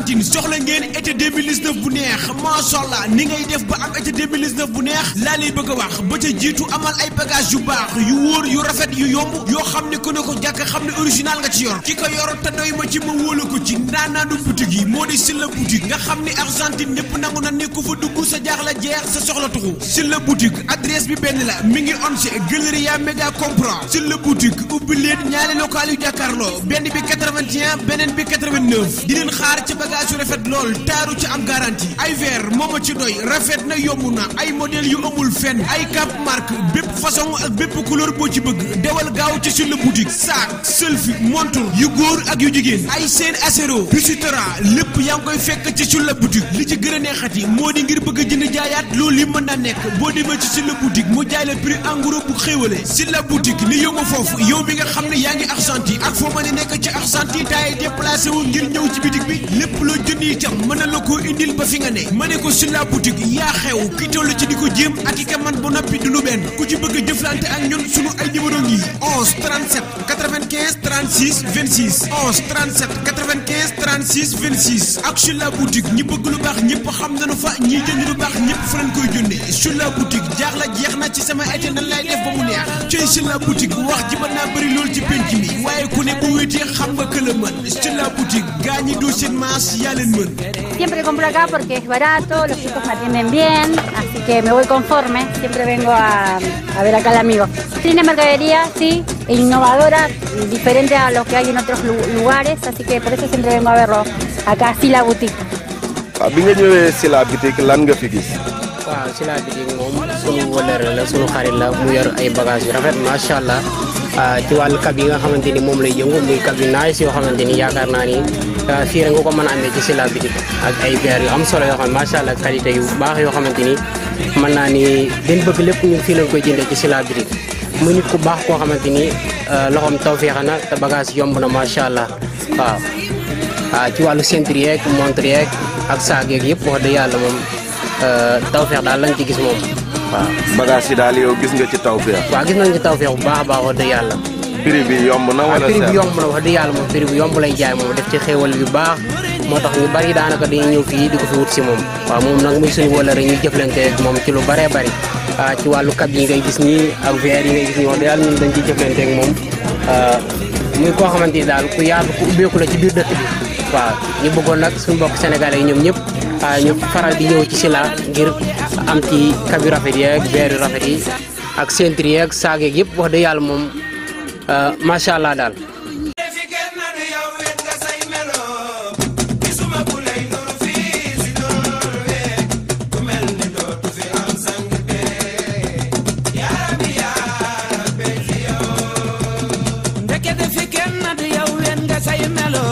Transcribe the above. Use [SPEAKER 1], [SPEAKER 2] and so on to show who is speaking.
[SPEAKER 1] Argentine soxla ngeen été 2019 bu neex maasallah ni ngay def ba am été 2019 bu neex laa lay bëgg a wax ba ca jiitu amal ay bagage yu baax yu wóor yu rafet yu yomb yoo xam ne ku ne ko jàkk xam ne original nga ci yor ki ko yor te doy ma ci ma wóolu ko ci ndaanaanu boutique yi moo di Sylla nga xam ne Argentine ñëpp nangu na ne ku fa dugg sa jaaxle jeex sa soxla tuxu Sylla boutique adresse bi benn la mi ngi onse Galeria Mega Compra Sylla boutique ubbi leen ñaari local yu jàkkaarloo benn bi 81 beneen bi 89 bagage yu rafet lool taaru ci am garantie ay verre mooma ci doy rafet na yomb na ay modèle yu amul fenn ay cap bépp façon ak bépp couleur boo ci bëgg dewal gaaw ci suñu boutique saak selfie montre yu góor ak yu jigéen ay seen acero bisutera lépp yaa ngi koy fekk ci suñu boutique li ci gën a neexati moo di ngir bëgg a jënd jaayaat loolu li mën naa nekk boo demee ci suñu boutique mu jaay la prix en gros bu xéwale suñu boutique li yëngu foofu yow bi nga xam ne yaa ngi Argentine ak foo mën a nekk ci Argentine taay déplacé wu ngir ñëw ci boutique bi lépp loo junni itam mën na la koo indil ba fi nga ne ma ne ko sur la boutique yaa xew ki toll ci di ko jéem ak i ka man ba noppi du lu benn ku ci bëgg a jëflante ak ñun sunu ay numéro ngi 11 37 95 36 26 11 37 95 36 26 ak Chula boutique ñi bëgg lu baax ñëpp xam nañu fa ñiy jënd lu baax ñëpp fa lañ koy jëndee Chula jaax la jeex na ci sama été nan lay def ba mu neex cey Chula boutique wax ji naa bëri lool ci penc waaye ku ne bu wéetee xam nga que la mën Chula boutique gaa ñi doo seen maas yaa leen mën.
[SPEAKER 2] siempre compro acá porque es barato los chicos me atienden bien así que me voy conforme siempre vengo a, a ver acá al amigo. Tiene mercadería, sí, e innovadora, diferente a lo que hay en otros lugares, así que por eso siempre vengo a verlo acá, Sila Boutique. waaw ah, bi nga ñëwee Sila Boutique lan nga fi gis. waaw ah, Sila Boutique moom sunu wëllare la suñu xarit la mu yor ay bagages yu rafet macha allah ci wàllu kab yi nga xamante ni moom lay yëngu muy kab yu nice yoo xamante ni yaakaar naa ni fii rek ko mën a amee ci Sila Boutique ak ay verres yu am solo yoo xam macha allah qualité yu yoo xamante ni mën naa ni dañ bëgg lépp ñu fii lañ koy jëndee ci Sila Boutique. muy nit ku baax koo xamante ni euh, loxoom tawféex na te bagage yomb na macha allah waaw. Ah, ci wàllu ceinture yeeg montre yeeg ak saag yeeg yëpp wax dëgg yàlla moom euh, tawféex daal lañ ci gis moom waaw.
[SPEAKER 1] bagage yi daal yow gis nga ci tawféex.
[SPEAKER 2] waaw gis nañ ci tawféex bu baax a baax wax dëgg yàlla.
[SPEAKER 1] prix bi yomb na wala ah, prix wax
[SPEAKER 2] dëgg yàlla moom prix bi yomb lay jaay moom def ci xéewal yu baax moo tax ñu bari daanaka dañuy ñëw fii di ko fi wut si moom. waaw moom nag muy suñu wala rek ñu jëflante moom ci lu baree bari. Ah, ci wàllu cab yi ngay gis nii ak verre yi ngay gis nii wax dëgg yàlla ñun dañ ciy moom ah, muy koo xamante ni daal ku yaatu ku ubbeeku la ci biir dëkk bi waaw ñu bëggoon nag suñu mbokk sénégalais yi ñoom ñëpp ah, ñu faral di ñëw ci Sila ngir am ci cab yu rafet yi ak verre rafet yi ak ceinture yi ak saag yeeg yëpp wax dëgg yàlla moom macha allah daal
[SPEAKER 1] you mellow